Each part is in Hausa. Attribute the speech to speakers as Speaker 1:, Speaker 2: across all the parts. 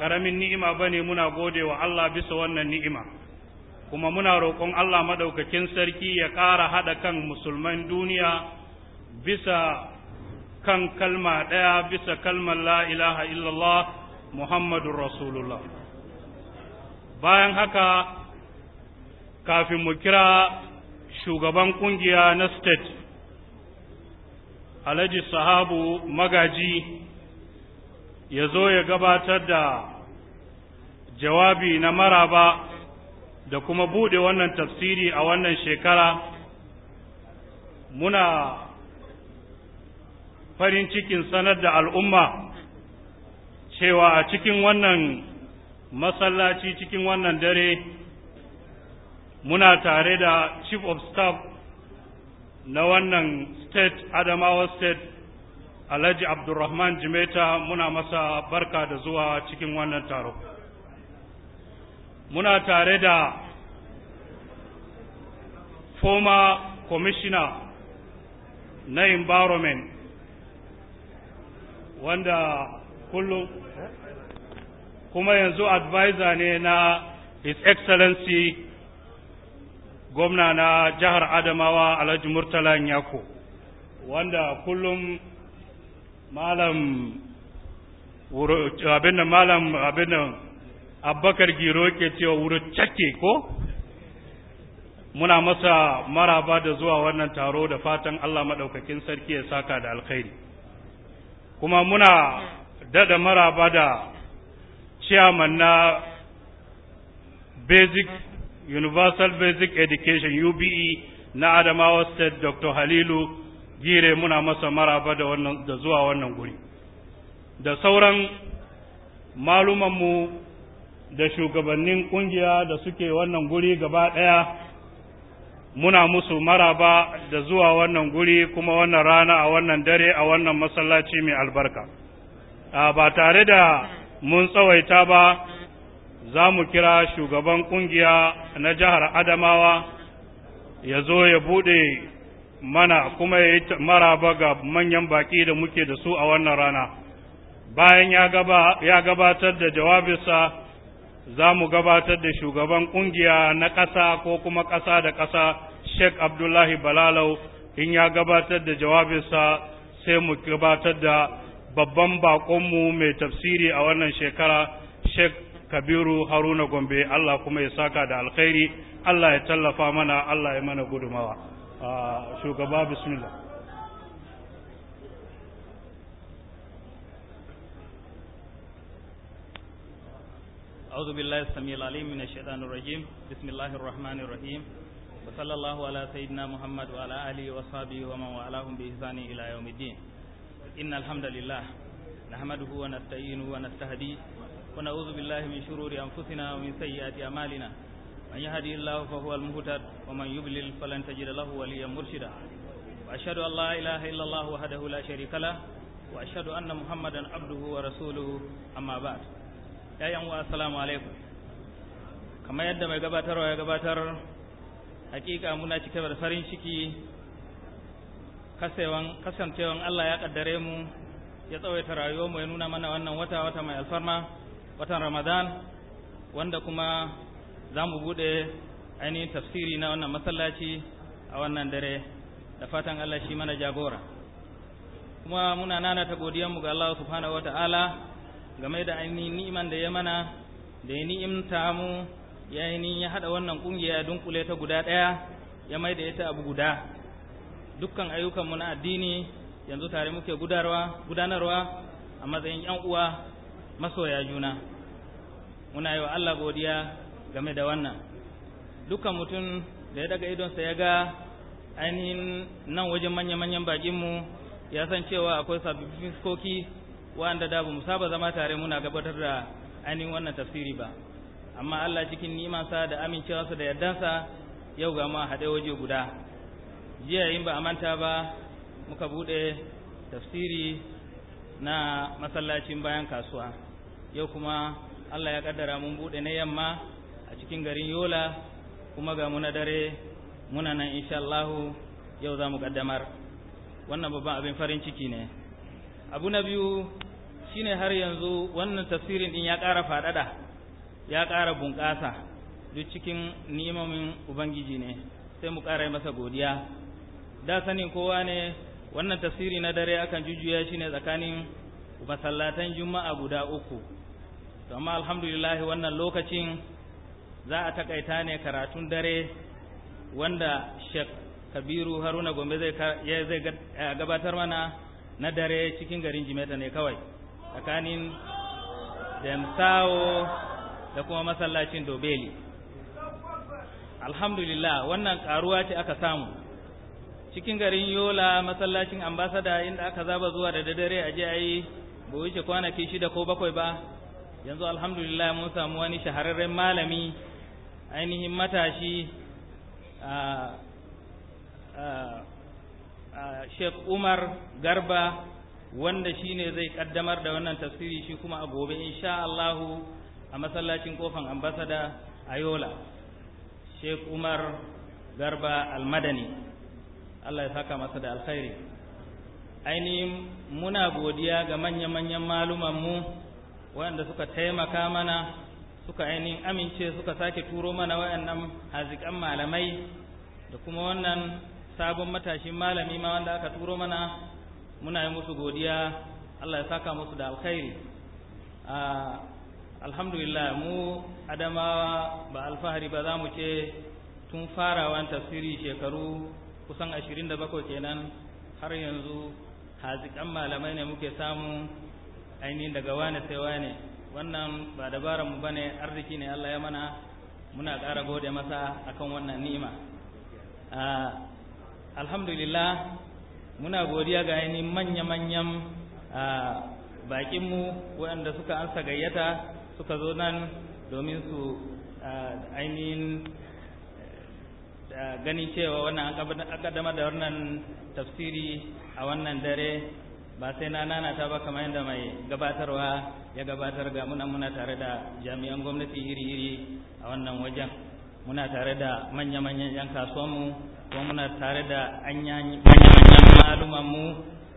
Speaker 1: ƙaramin ni'ima ba ne muna gode wa Allah bisa wannan ni'ima kuma muna roƙon Allah maɗaukakin sarki ya ƙara haɗa kan musulman duniya bisa kan kalma ɗaya bisa kalmar la ilaha illallah Muhammadun Rasulullah. Bayan haka, kafin mu kira shugaban ƙungiya na state, Alhaji Sahabu Magaji ya zo ya gabatar da jawabi na maraba da kuma bude wannan tafsiri a wannan shekara muna farin cikin sanar da al'umma cewa a cikin wannan masallaci cikin wannan dare muna tare da chief of staff na wannan state adamawa state alhaji abdulrahman jimeta muna masa barka da zuwa cikin wannan taro muna tare da former commissioner na environment wanda kullum kuma yanzu advisor ne na his excellency gwamna na jihar adamawa alhaji murtala yako wanda kullum malam abin malam abin abbakar giro ke cewa wurin cake ko muna masa maraba da zuwa wannan taro da fatan Allah maɗaukakin sarki ya saka da alkhairi kuma muna dada maraba da chairman na basic universal basic education UBE na Adamawa State Dr. Halilu gire muna masa maraba da wannan da zuwa wannan guri da sauran malumanmu da shugabannin ƙungiya da suke wannan guri gaba ɗaya muna musu maraba da zuwa wannan guri kuma wannan rana a wannan dare a wannan masallaci mai albarka ba tare da mun tsawaita ba za mu kira shugaban ƙungiya na jihar adamawa ya zo ya buɗe mana kuma ya yi maraba ga manyan baƙi da muke da su a wannan rana bayan ya gabatar da jawabinsa za mu gabatar da shugaban kungiya na ƙasa ko kuma ƙasa da ƙasa Sheikh Abdullahi Balalau in ya gabatar da jawabinsa sai mu gabatar da babban baƙonmu mai tafsiri a wannan shekara Sheikh Kabiru Haruna Gombe Allah kuma ya saka da alkhairi Allah ya tallafa mana Allah ya mana gudumawa ah, shugaba bismillah
Speaker 2: أعوذ بالله السميع العليم من الشيطان الرجيم بسم الله الرحمن الرحيم وصلى الله على سيدنا محمد وعلى آله وصحبه ومن والاهم بإحسان إلى يوم الدين إن الحمد لله نحمده ونستعينه ونستهديه ونعوذ بالله من شرور أنفسنا ومن سيئات أعمالنا من يهدي الله فهو المهتد ومن يضلل فلن تجد له وليا مرشدا وأشهد أن لا إله إلا الله وحده لا شريك له وأشهد أن محمدا عبده ورسوله أما بعد ‘ya'yan wa assalamu alaikum kamar yadda mai gabatarwa ya gabatar hakika muna cike da farin ciki kasancewan Allah ya kaddare mu ya tsawaita rayuwar mu ya nuna mana wannan wata wata mai alfarma watan ramadan wanda kuma za mu bude ainihin tafsiri na wannan masallaci a wannan dare da fatan Allah shi mana jagora kuma muna nanata godiyanmu ga Allah subhanahu wa ta'ala game da ainihin ni'iman da ya mana da ya ni'imta mu ya ainihin ya haɗa wannan ƙungiya ya dunkule ta guda ɗaya ya mai da ita abu guda dukkan ayyukanmu na addini yanzu tare muke gudanarwa a matsayin yan uwa masoya juna muna yi wa Allah godiya game da wannan dukkan mutum da ya daga idonsa ya ga ainihin nan wajen manya-manyan bakinmu ya san cewa akwai sabbin fiskoki wanda da bu mu saba zama tare muna gabatar da ainihin wannan tafsiri ba amma Allah cikin nimansa da amincewarsa da yardansa yau ga ma haɗe waje guda jiya in ba a manta ba muka buɗe tafsiri na masallacin bayan kasuwa yau kuma Allah ya kaddara mun buɗe na yamma a cikin garin Yola kuma ga muna dare muna nan insha Allahu yau za mu kaddamar wannan babban abin farin ciki ne abu na biyu shine har yanzu wannan tafsirin din ya ƙara faɗaɗa ya ƙara bunƙasa duk cikin nimomin ubangiji ne sai mu ƙara masa godiya da sanin kowa ne wannan tafsiri na dare akan jujjuya shine tsakanin masallatan juma'a guda uku to amma alhamdulillah wannan lokacin za a takaita ne karatun dare wanda Sheikh Kabiru Haruna Gombe zai eh, gabatar mana na dare cikin garin Jimeta ne kawai tsakanin damsawo da kuma masallacin dobeli alhamdulillah wannan karuwa ce aka samu cikin garin yola masallacin ambasada inda aka zaba zuwa da daddare a je a yi wuce wuce kwanaki shida ko bakwai ba yanzu alhamdulillah mun samu wani shahararren malami ainihin matashi a Sheikh Umar Garba wanda shine zai kaddamar da wannan tafsiri shi kuma a gobe insha Allah a masallacin kofan ambasada a Yola Sheikh Umar Garba Almadani Allah ya saka masa da alkhairi ainihin muna godiya ga manya-manyan malumanmu waɗanda suka taimaka mana suka ainihin amince suka sake turo mana waɗannan hazikan malamai da kuma wannan sabon matashin malami ma wanda aka turo mana muna yi musu godiya Allah ya saka musu da alkhairi alhamdulillah mu adama ba alfahari ba za mu ce tun farawan tafsiri shekaru kusan ashirin da bakwai kenan har yanzu haziƙan malamai ne muke samu ainihin daga wane sai wane wannan ba dabarar mu bane arziki ne Allah ya mana muna ƙara gode masa akan wannan ni'ima alhamdulillah muna godiya ga ainihin manya-manyan bakinmu waɗanda suka ansa gayyata suka zo nan domin su ainihin ganin cewa wannan an da wannan tafsiri a wannan dare ba sai na nanata ba kamar yadda mai gabatarwa ya gabatar ga muna muna tare da jami'an gwamnati iri-iri a wannan wajen muna tare da manya-manyan 'yan kasuwanmu kuma muna tare da anyan maluman mu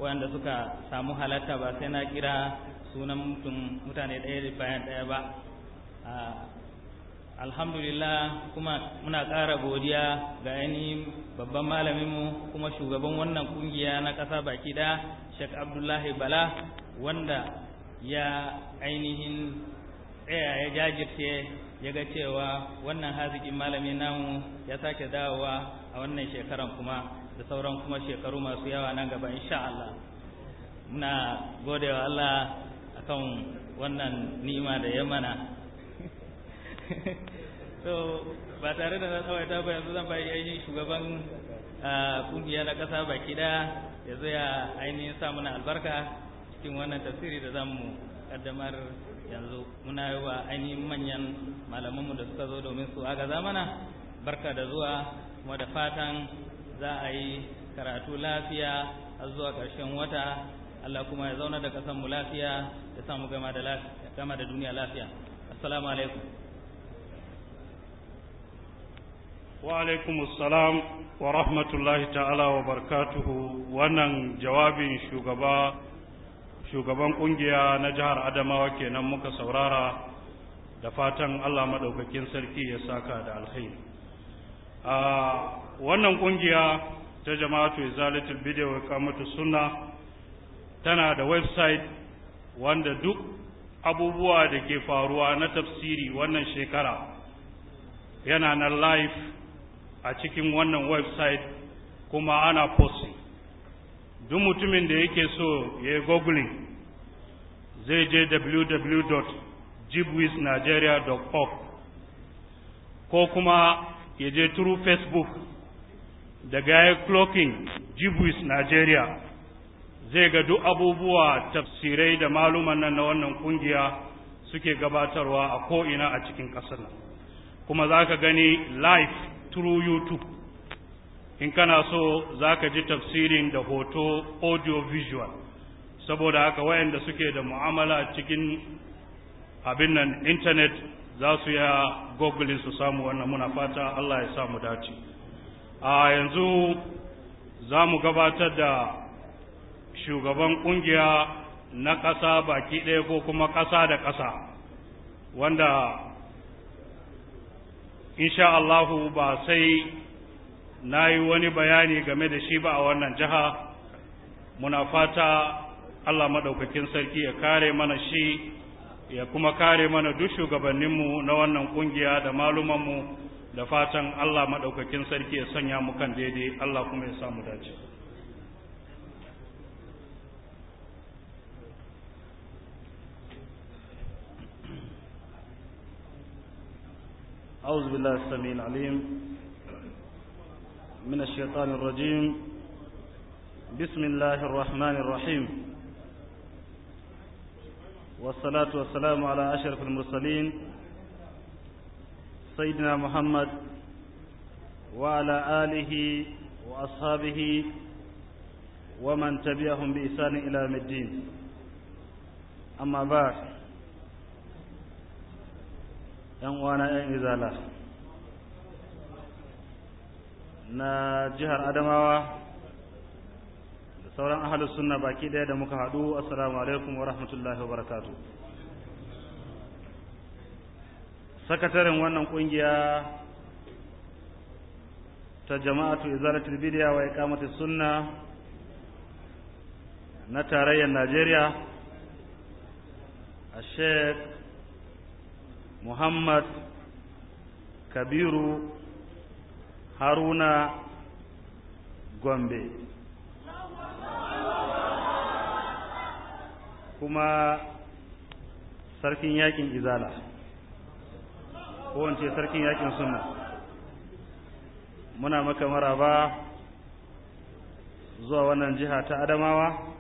Speaker 2: wanda suka samu halatta ba sai na kira sunan mutum mutane ɗaya bayan ɗaya ba alhamdulillah kuma muna ƙara godiya ga ainihin babban malaminmu kuma shugaban wannan kungiya na ƙasa baki da shek Abdullahi Bala wanda ya ainihin tsaya ya jajirce ya ga cewa wannan haziƙin malamin namu ya sake dawowa a wannan shekaran kuma da sauran kuma shekaru masu yawa nan gaba insha Allah muna godewa Allah akan wannan ni'ima da ya mana so ba tare da na tsawaita ba yanzu zan bayi ainihin shugaban kungiya na ƙasa baki ɗaya ya zo ya ainihin sa muna albarka cikin wannan tafsiri da mu kaddamar yanzu muna yi wa ainihin manyan malamanmu da suka zo domin su agaza mana barka da zuwa kuma da fatan za a yi karatu lafiya har zuwa ƙarshen wata Allah kuma ya zauna da ƙasar mu lafiya ya samu gama da lafiya gama da duniya lafiya assalamu alaikum
Speaker 1: wa alaikum assalam wa rahmatullahi ta'ala wa barakatuhu wannan jawabin shugaba shugaban kungiya na jihar Adamawa kenan muka saurara da fatan Allah madaukakin sarki ya saka da alkhairi a wannan kungiya ta jama'atu izalatul bid'a wa kamatu sunna tana da website wanda duk abubuwa da ke faruwa na tafsiri wannan shekara yana na live a cikin wannan website kuma ana posting duk mutumin da yake so ya yi googling zai je www.jibwisnigeria.org ko kuma ke je turu facebook da gaya clocking jibwis nigeria zai ga duk abubuwa tafsirai da maluman nan na wannan kungiya suke gabatarwa a ko'ina a cikin ƙasar nan kuma za ka gani live through youtube in kana so za ka ji tafsirin da hoto audio visual saboda haka wayanda suke da mu'amala cikin abin nan intanet za su ya goggle su samu wannan muna fata Allah ya samu dace a yanzu za mu gabatar da shugaban kungiya na ƙasa baki ɗaya ko kuma ƙasa da ƙasa wanda insha Allahu ba sai na yi wani bayani game da shi ba a wannan jiha muna fata Allah maɗaukakin sarki ya kare mana shi ya kuma kare mana duk shugabanninmu na wannan kungiya da malumanmu da fatan Allah maɗaukakin sarki ya sanya mu kan daidai Allah kuma ya samu dace أعوذ بالله السميع العليم من الشيطان الرجيم بسم الله الرحمن الرحيم والصلاة والسلام على أشرف المرسلين سيدنا محمد وعلى آله وأصحابه ومن تبعهم بإحسان إلى يوم الدين أما بعد ‘yan uwana ‘yan izala na jihar Adamawa sauran ahalus sunna baki daya da muka haɗu assalamu alaikum wa rahmatullahi wa barakatuh sakataren wannan ƙungiya ta jama'atu izalatul bidiya wa iqamati sunna na tarayyar Najeriya a Sheikh Muhammad Kabiru Haruna Gombe kuma sarkin yakin izala ko sarkin yakin sunna muna maka maraba zuwa wannan jiha ta adamawa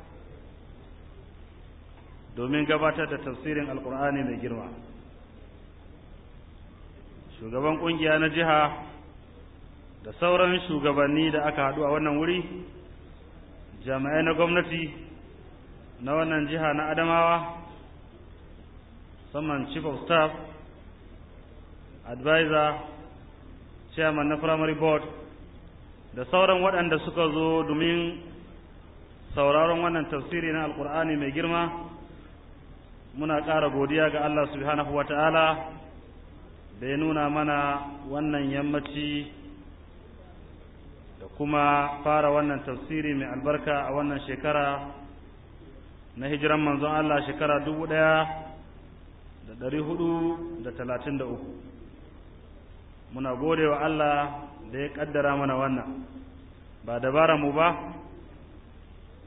Speaker 1: domin gabatar da tafsirin alkur'ani mai girma shugaban kungiya na jiha da sauran shugabanni da aka haɗu a wannan wuri jami'ai na gwamnati na wannan jiha na adamawa saman chief of staff advisor chairman na primary board da sauran waɗanda suka zo domin sauraron wannan tafsiri na Alƙur'ani mai girma muna ƙara godiya ga Allah subhanahu wata'ala da ya nuna mana wannan yammaci da kuma fara wannan tafsiri mai albarka a wannan shekara na hijiran manzon Allah shekara dubu ɗaya da ɗari hudu da talatin da uku muna gode wa Allah da ya ƙaddara mana wannan ba dabara mu ba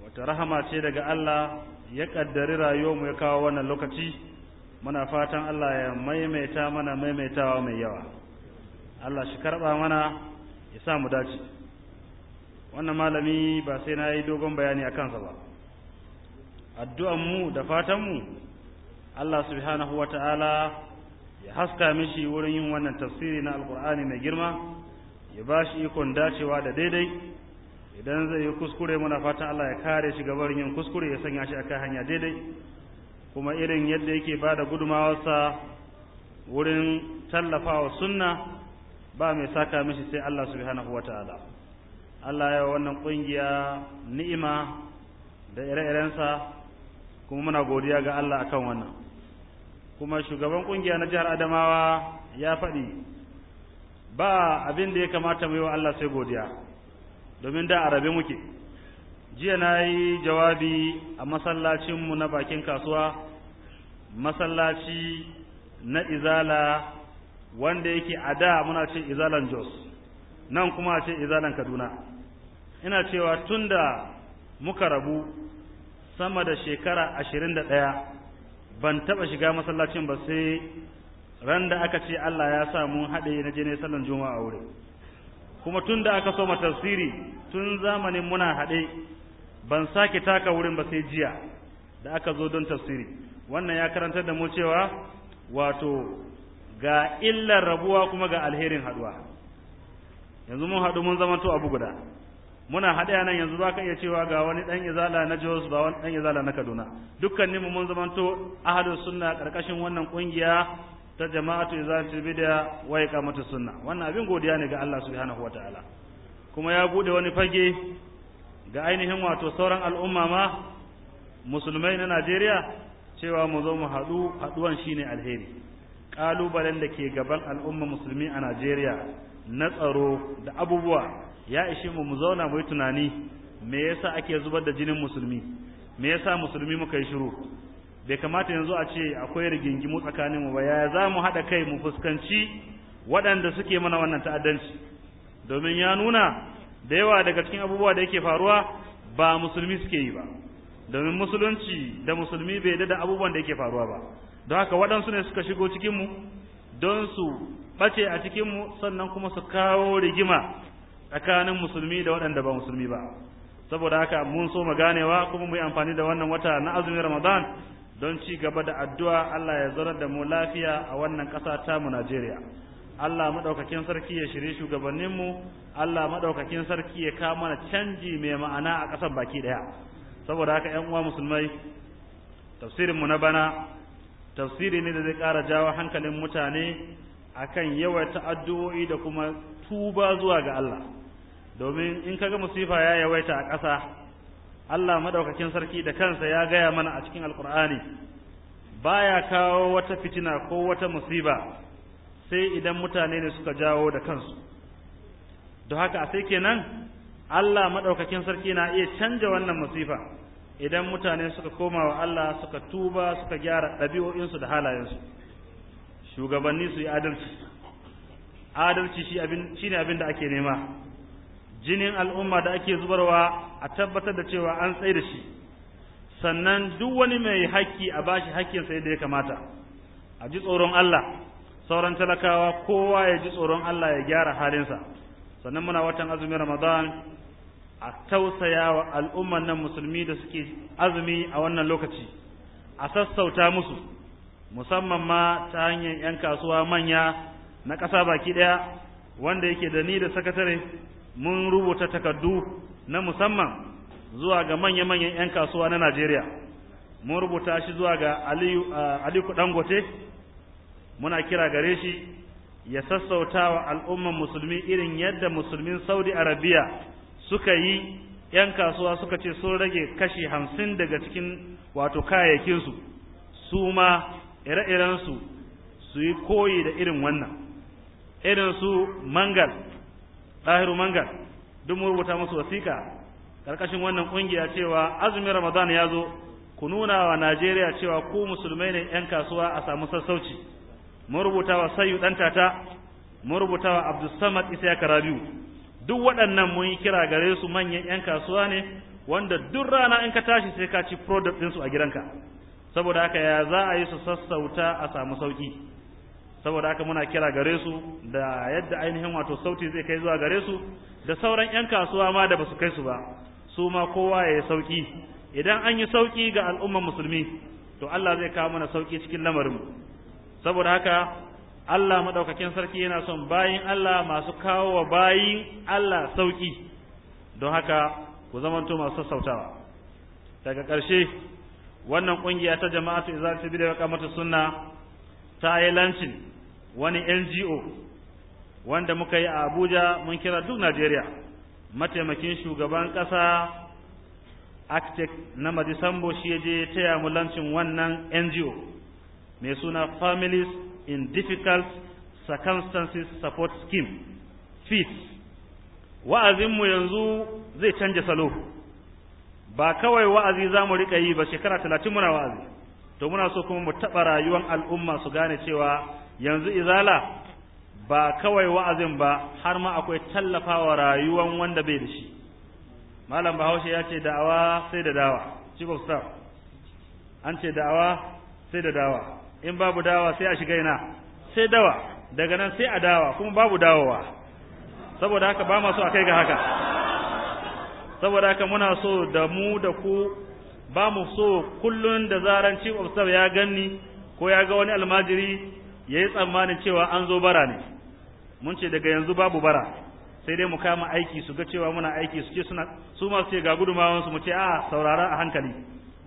Speaker 1: wata rahama ce daga Allah ya ƙaddari rayuwarmu ya kawo wannan lokaci muna fatan Allah ya maimaita mana maimaitawa mai yawa Allah shi karɓa mana ya sa mu dace wannan malami ba sai na yi dogon bayani a kansa ba addu'an mu da fatan mu Allah subhanahu ta'ala ya haska mishi wurin yin wannan tafsiri na alqur'ani mai girma ya ba shi ikon dacewa da daidai idan zai yi kuskure muna fatan Allah ya kare shi gabar yin kuskure ya sanya shi a kan hanya daidai kuma irin yadda yake bada gudumawarsa wurin tallafawa sunna ba mai saka mishi sai Allah subhanahu ta'ala Allah ya wannan kungiya ni'ima da ire-irensa kuma muna godiya ga Allah akan wannan kuma shugaban kungiya na jihar Adamawa ya faɗi ba abin da ya kamata mu yi wa Allah sai godiya domin da arabe muke jiya na yi jawabi a masallacinmu na bakin kasuwa masallaci na izala wanda yake a da muna ce izalan jos nan kuma a ce izalan kaduna ina cewa tun da muka rabu sama da shekara ashirin da ɗaya ban taɓa shiga masallacin ba sai ran da aka ce Allah ya sa mun haɗe na je ne sallan juma'a wuri kuma tun da aka ma tafsiri tun zamanin muna haɗe ban sake taka wurin ba sai jiya da aka zo don tafsiri wannan ya karantar da mu cewa wato ga illar rabuwa kuma ga alherin haɗuwa yanzu mun haɗu mun zama zamanto abu guda muna haɗe nan yanzu za ka iya cewa ga wani ɗan izala na Jos ba wani ɗan izala na Kaduna dukkanin mu mun zamanto ahlu sunna karkashin wannan kungiya ta jama'atu izalatul bid'a wa iqamatu sunna wannan abin godiya ne ga Allah subhanahu wataala kuma ya bude wani fage ga ainihin wato sauran al'umma ma musulmai na Najeriya cewa mu zo mu hadu haɗuwan shine alheri kalubalen da ke gaban al'umma musulmi a Najeriya na tsaro da abubuwa ya ishe mu mu zauna mu yi tunani me yasa ake zubar da jinin musulmi me yasa musulmi muka yi shiru bai kamata yanzu a ce akwai rigingimu tsakanin mu ba ya za mu haɗa kai mu fuskanci waɗanda suke mana wannan ta'addanci domin ya nuna da yawa daga cikin abubuwa da yake faruwa ba musulmi suke yi ba domin musulunci da musulmi bai yadda da abubuwan da yake faruwa ba don haka waɗansu ne suka shigo cikinmu don su ɓace a cikinmu sannan kuma su kawo rigima tsakanin musulmi da waɗanda ba musulmi ba saboda haka mun so mu ganewa kuma mu yi amfani da wannan wata na azumin ramadan don ci gaba da addu'a Allah ya zarar da mu lafiya a wannan ƙasa ta mu Najeriya Allah madaukakin sarki ya shirye shugabannin mu Allah madaukakin sarki ya kawo mana canji mai ma'ana a ƙasar baki daya saboda haka ƴan uwa musulmai tafsirin mu na bana tafsiri ne da zai ƙara jawo hankalin mutane akan yawaita addu'o'i da kuma tuba zuwa ga Allah domin in kaga musifa ya yawaita a ƙasa Allah madaukakin sarki da kansa ya gaya mana a cikin alkur'ani baya kawo wata fitina ko wata musiba sai idan mutane ne suka jawo da kansu don haka sai kenan Allah madaukakin sarki na iya canja wannan musifa idan mutane suka koma wa Allah suka tuba suka gyara ɗabi'o'insu da halayensu shugabanni su yi adalci adalci shi abin shine abin da ake nema jinin al'umma da ake zubarwa a tabbatar da cewa an tsaye da shi sannan duk wani mai haƙƙi a ba shi haƙƙinsa yadda ya kamata a ji tsoron Allah sauran talakawa kowa ya ji tsoron Allah ya gyara halinsa sannan muna watan azumin Ramadan a tausaya wa al'umman nan musulmi da suke azumi a wannan lokaci a sassauta musu musamman ma ta hanyar 'yan kasuwa manya na ƙasa baki ɗaya wanda yake da ni da sakatare mun rubuta takardu na musamman zuwa ga manya-manyan 'yan kasuwa na Najeriya mun rubuta shi zuwa ga Aliku Dangote muna kira gare shi ya sassauta wa al'umman musulmi irin yadda musulmin Saudi Arabia suka yi 'yan kasuwa suka ce sun rage kashi hamsin daga cikin wato kayayyakinsu su ma ire-irensu su yi koyi da irin wannan irin su mangal ɗahiru mangal duk mu rubuta musu wasiƙa ƙarƙashin wannan ƙungiya cewa azumin ramadan ya zo ku nuna wa najeriya cewa ku musulmai ne 'yan kasuwa a samu sassauci mu rubuta wa sayu ɗan tata mu rubuta wa abdulsamad isa karabiu duk waɗannan mun yi kira gare su manyan 'yan kasuwa ne wanda duk rana in ka tashi sai ka ci product ɗinsu a gidanka saboda haka ya za a yi su sassauta a samu sauƙi saboda haka muna kira gare su da yadda ainihin wato sauti zai kai zuwa gare su da sauran 'yan kasuwa ma da basu kai su ba su ma kowa ya yi sauki idan an yi sauki ga al'umman musulmi to Allah zai kawo mana sauki cikin lamarin saboda haka Allah madaukakin sarki yana son bayin Allah masu kawo wa bayin Allah sauƙi. don haka ku zamanto masu sassautawa daga ƙarshe wannan ƙungiya ta jama'atu izalati bid'a kamata sunna ta yi lancin wani NGO wanda muka yi a Abuja mun kira duk Najeriya mataimakin shugaban ƙasa architect na Madisambo shi ya je taya mu lancin wannan NGO mai suna Families in Difficult Circumstances Support Scheme FIT wa'azinmu yanzu zai canja salo ba kawai wa'azi za mu riƙa yi ba shekara talatin muna wa'azi to muna so kuma mu taɓa rayuwar al'umma su gane cewa yanzu izala ba kawai wa'azin ba har ma akwai tallafawa rayuwan wanda bai da shi malam bahaushe ya ce da'awa sai da dawa chief of staff an ce da'awa sai da dawa in babu dawa sai a shiga ina sai dawa daga nan sai a dawa kuma babu dawowa saboda haka ba so a kai ga haka saboda haka muna so da mu da ku ba mu so kullun da zaran chief of staff ya ganni ko ya ga wani almajiri ya yi tsammanin cewa an zo bara ne mun ce daga yanzu babu bara sai dai mu kama aiki su ga cewa muna aiki su ce suna su masu ce ga gudumawansu mu ce a saurara a hankali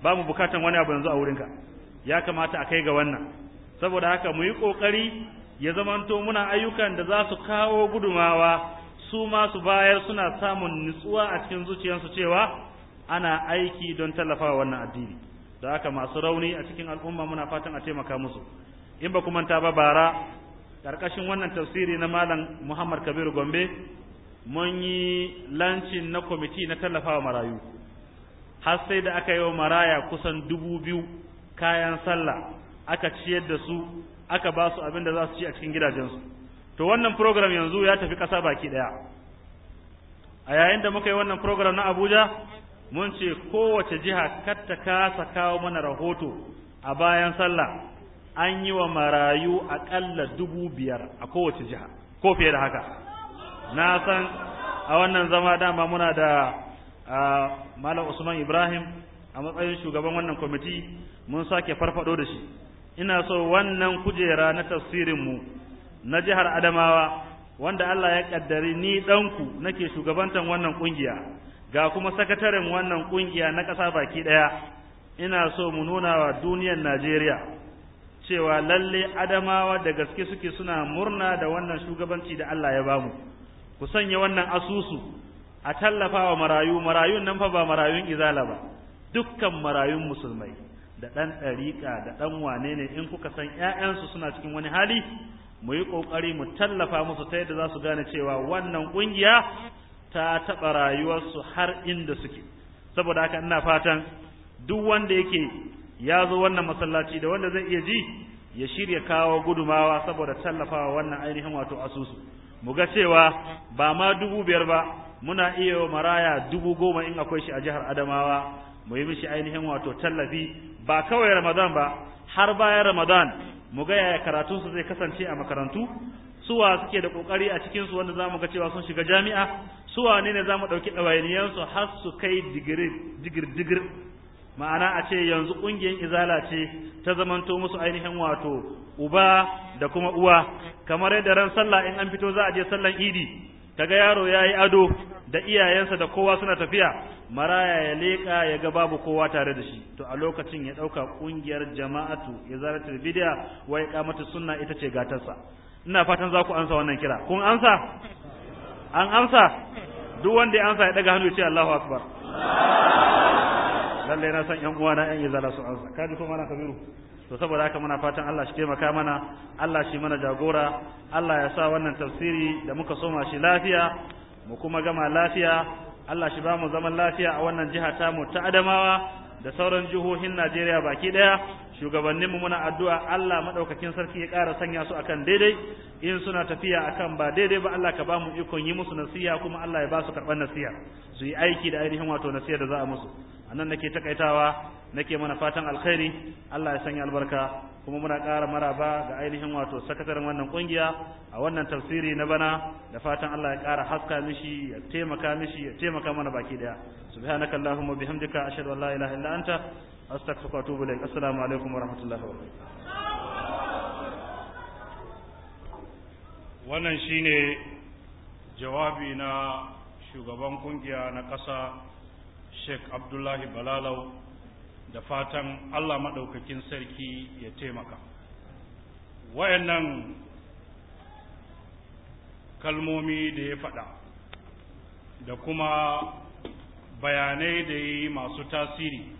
Speaker 1: ba mu bukatan wani abu yanzu a wurinka ya kamata a kai ga wannan saboda haka mu yi ƙoƙari ya zamanto muna ayyukan da za su kawo gudumawa su masu bayar suna samun nutsuwa a cikin zuciyarsu cewa ana aiki don tallafawa wannan addini da haka masu rauni a cikin al'umma muna fatan a taimaka musu in ba kuma ta ba bara ƙarƙashin wannan tafsiri na malam Muhammad Kabiru Gombe mun yi lancin na kwamiti na tallafawa marayu har sai da aka yi wa maraya kusan dubu biyu kayan sallah aka ciyar da su aka ba su abin da za su ci a cikin gidajensu to wannan program yanzu ya tafi ƙasa baki ɗaya a yayin da muka yi wannan program na abuja mun ce kowace jiha katta ta kasa kawo mana rahoto a bayan sallah an yi wa marayu aƙalla dubu biyar a kowace jiha ko fiye da haka na san a wannan zama dama muna da malam usman ibrahim a matsayin shugaban wannan kwamiti mun sake farfado da shi ina so wannan kujera na tafsirinmu na jihar adamawa wanda allah ya kaddari ni danku nake shugabantan wannan ƙungiya ga kuma sakataren wannan ƙungiya na ƙasa baki ɗaya ina so mu nuna wa duniyar najeriya cewa lalle adamawa da gaske suke suna murna da wannan shugabanci da Allah ya bamu ku sanya wannan asusu a tallafawa marayu marayun nan fa ba marayun izala ba dukkan marayun musulmai da dan ɗariƙa da dan wane ne in kuka san su suna cikin wani hali mu yi kokari mu tallafa musu ta yadda za su gane cewa wannan kungiya ta taɓa rayuwarsu har inda suke saboda haka ina fatan duk wanda yake ya zo wannan masallaci da wanda zai iya ji ya shirya kawo gudumawa saboda tallafawa wannan ainihin wato asusu mu ga cewa ba ma dubu biyar ba muna iya maraya dubu goma in akwai shi a jihar adamawa mu yi mishi ainihin wato tallafi ba kawai ramadan ba har bayan ramadan mu ga yaya su zai kasance a makarantu suwa suke da kokari a cikin su wanda zamu ga cewa sun shiga jami'a suwa ne ne zamu dauki dawainiyan su har su kai digiri digir digir ma'ana a ce yanzu ƙungiyar izala ce ta zamanto musu ainihin wato uba da kuma uwa kamar yadda ran sallah in an fito za a je sallan idi kaga yaro ya yi ado da iyayensa da kowa suna tafiya maraya ya leƙa ya ga babu kowa tare da shi to a lokacin ya ɗauka ƙungiyar jama'atu izalatul bid'a wa iqamatu sunna ita ce gatarsa ina fatan za ku ansa wannan kira kun ansa an amsa duk wanda ya amsa ya daga hannu ya ce Allahu akbar lallai na san yan uwana yan izala su ansa kaji ko mana kabiru to saboda haka muna fatan Allah shi taimaka mana Allah shi mana jagora Allah ya sa wannan tafsiri da muka soma shi lafiya mu kuma gama lafiya Allah shi ba mu zaman lafiya a wannan jiha ta mu ta Adamawa da sauran jihohin Najeriya baki daya shugabanninmu muna addu'a Allah madaukakin sarki ya kara sanya su akan daidai in suna tafiya akan ba daidai ba Allah ka ba mu ikon yi musu nasiya kuma Allah ya ba su karɓar nasiha su yi aiki da ainihin wato nasiya da za a musu anan nake takaitawa nake mana fatan alkhairi Allah ya sanya albarka kuma muna ƙara maraba ga ainihin wato sakataren wannan kungiya a wannan tafsiri na bana da fatan Allah ya ƙara haska mishi ya taimaka mishi ya taimaka mana baki daya subhanaka allahumma bihamdika ashhadu an la ilaha illa anta astaghfiruka wa atubu ilaik assalamu alaikum wa rahmatullahi wa barakatuh wannan shine jawabi na shugaban kungiya na ƙasa sheikh abdullahi balalau da fatan allah maɗaukakin sarki ya taimaka wayannan kalmomi da ya faɗa da kuma bayanai da yi masu tasiri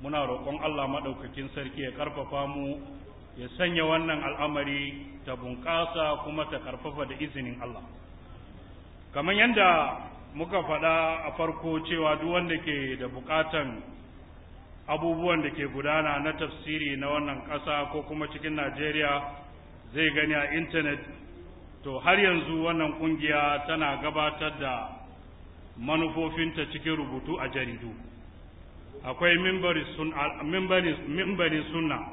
Speaker 1: muna roƙon allah maɗaukakin sarki ya ƙarfafa mu ya sanya wannan al'amari ta bunƙasa kuma ta ƙarfafa da izinin allah kamar yadda muka faɗa a farko cewa duk wanda ke da buƙatan abubuwan da ke gudana na tafsiri na wannan ƙasa ko kuma cikin najeriya zai gani a intanet to har yanzu wannan ƙungiya tana gabatar da manufofinta cikin rubutu a jaridu akwai mimbarin suna,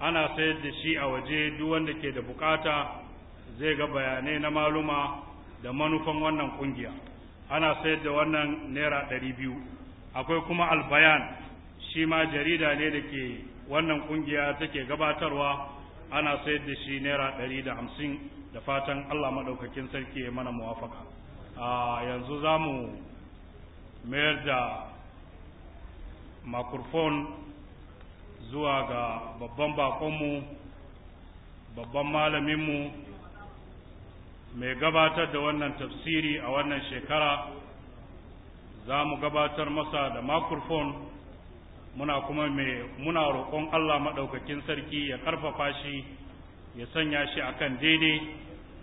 Speaker 1: ana sayar da shi a waje duk wanda ke da bukata zai ga bayanai na maluma da manufan wannan ƙungiya ana sayar da wannan naira ɗari biyu akwai kuma albayan shi ma jarida ne da ke wannan ƙungiya ta take gabatarwa ana sayar da shi naira ɗari da hamsin da fatan allah maɗaukakin sarki ya mana muwafaka a yanzu za mu mayar da makurfon zuwa ga babban bakonmu babban malaminmu mai gabatar da wannan tafsiri a wannan shekara za mu gabatar masa da makurfon muna kuma mai muna roƙon Allah maɗaukakin sarki ya ƙarfafa shi ya sanya shi a kan daidai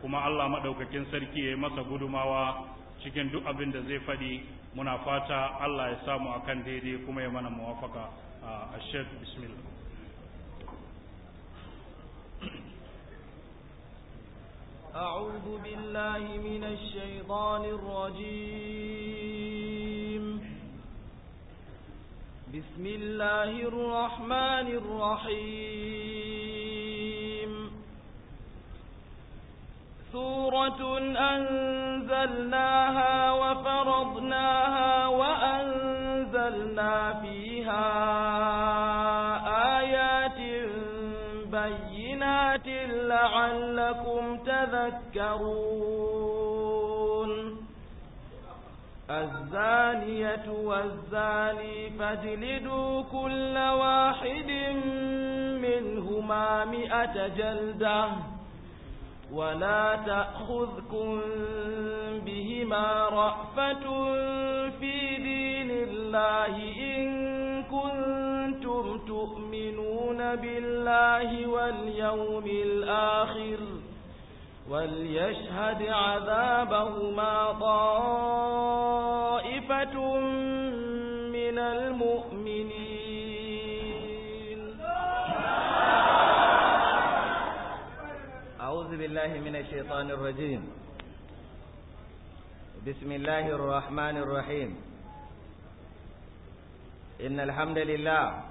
Speaker 1: kuma Allah maɗaukakin sarki ya yi masa gudumawa cikin duk abin da zai faɗi muna fata Allah ya samu kan daidai kuma ya mana muwafaka a shek bismillah
Speaker 3: أعوذ بالله من الشيطان الرجيم بسم الله الرحمن الرحيم سورة أنزلناها وفرضناها وأنزلنا فيها لعلكم تذكرون الزانية والزاني فاجلدوا كل واحد منهما مئة جلدة ولا تأخذكم بهما رأفة في دين الله إن كنتم كنتم تؤمنون بالله واليوم الآخر وليشهد عذابهما طائفة من المؤمنين
Speaker 4: أعوذ بالله من الشيطان الرجيم بسم الله الرحمن الرحيم إن الحمد لله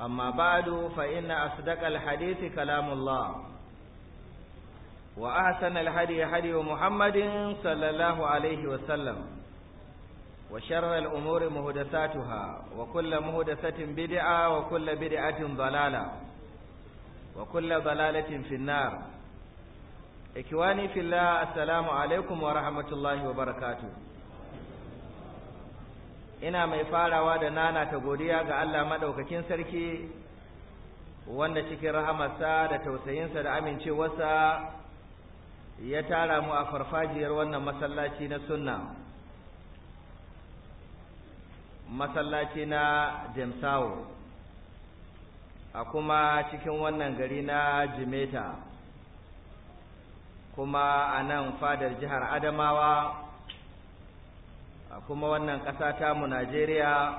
Speaker 4: أما بعد فإن أصدق الحديث كلام الله وأحسن الهدي هدي محمد صلى الله عليه وسلم وشر الأمور مهدساتها وكل مهدسة بدعة وكل بدعة ضلالة وكل ضلالة في النار إكواني في الله السلام عليكم ورحمة الله وبركاته ina mai farawa da nana ta godiya ga Allah madaukakin sarki wanda cikin rahamarsa da tausayinsa da amincewarsa ya tara mu a farfajiyar wannan masallaci na sunna masallaci na demsawo, a kuma cikin wannan gari na Jimeta kuma a nan fadar jihar Adamawa A kuma wannan ƙasa ta mu Najeriya